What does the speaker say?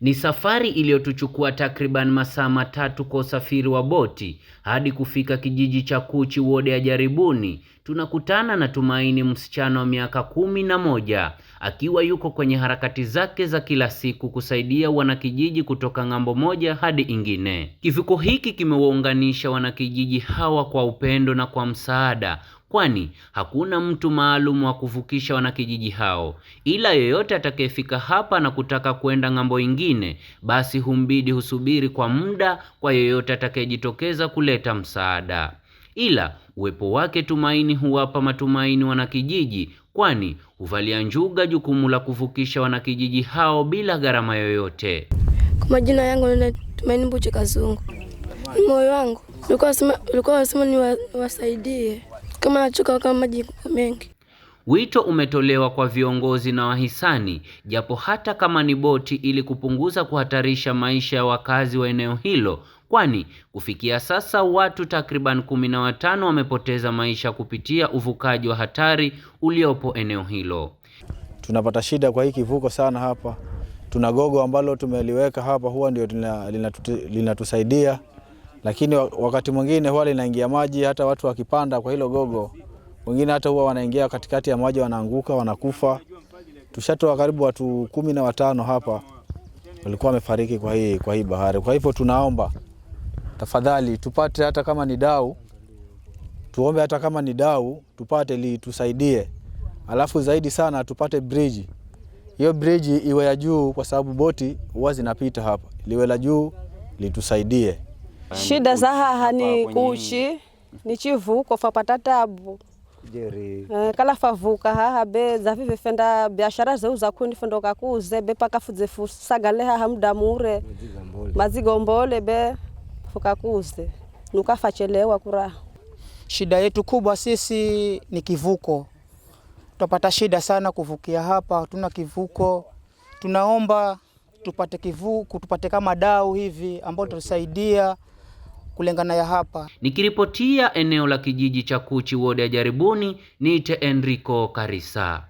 Ni safari iliyotuchukua takriban masaa matatu kwa usafiri wa boti hadi kufika kijiji cha Kuchi wode ya Jaribuni. Tunakutana na Tumaini, msichana wa miaka kumi na moja akiwa yuko kwenye harakati zake za kila siku kusaidia wanakijiji kutoka ng'ambo moja hadi ingine. Kivuko hiki kimewaunganisha wanakijiji hawa kwa upendo na kwa msaada kwani hakuna mtu maalum wa kuvukisha wanakijiji hao, ila yoyote atakayefika hapa na kutaka kwenda ng'ambo ingine, basi humbidi husubiri kwa muda kwa yoyote atakayejitokeza kuleta msaada, ila uwepo wake Tumaini huwapa matumaini wanakijiji, kwani huvalia njuga jukumu la kuvukisha wanakijiji hao bila gharama yoyote. Kwa majina yangu ni Tumaini Mbuche Kazungu. Moyo wangu ulikuwa unasema niwasaidie kama nachoka kama maji mengi. Wito umetolewa kwa viongozi na wahisani japo hata kama ni boti ili kupunguza kuhatarisha maisha ya wakazi wa eneo hilo kwani kufikia sasa watu takriban kumi na watano wamepoteza maisha kupitia uvukaji wa hatari uliopo eneo hilo. Tunapata shida kwa hii kivuko sana hapa. Tuna gogo ambalo tumeliweka hapa huwa ndio linatusaidia lina, lina lakini wakati mwingine huwa linaingia maji, hata watu wakipanda kwa hilo gogo, wengine hata huwa wanaingia katikati ya maji, wanaanguka, wanakufa. Tushatoa karibu watu kumi na watano hapa walikuwa wamefariki kwa hii, kwa hii bahari. Kwa hivyo tunaomba tafadhali, tupate hata kama ni dau, tuombe hata kama ni dau tupate litusaidie, alafu zaidi sana tupate bridge. Hiyo bridge iwe ya juu, kwa sababu boti huwa zinapita hapa, liwe la juu litusaidie shida za haha ni kuchi ni chivuko fapata tabu Uh, kala favuka haha be vivi fenda biashara zeu zakuni fendoka kuze be paka fuzefusagale haha muda mure mazigombole be fuka kuze nukafachelewa kura. Shida yetu kubwa sisi ni kivuko, tupata shida sana kuvukia hapa, hatuna kivuko. Tunaomba tupate kivuko, tupate kama dau hivi ambao tutasaidia kulingana ya hapa. Nikiripotia eneo la kijiji cha Kuchi, wodi ya Jaribuni, niite Enrico Karisa.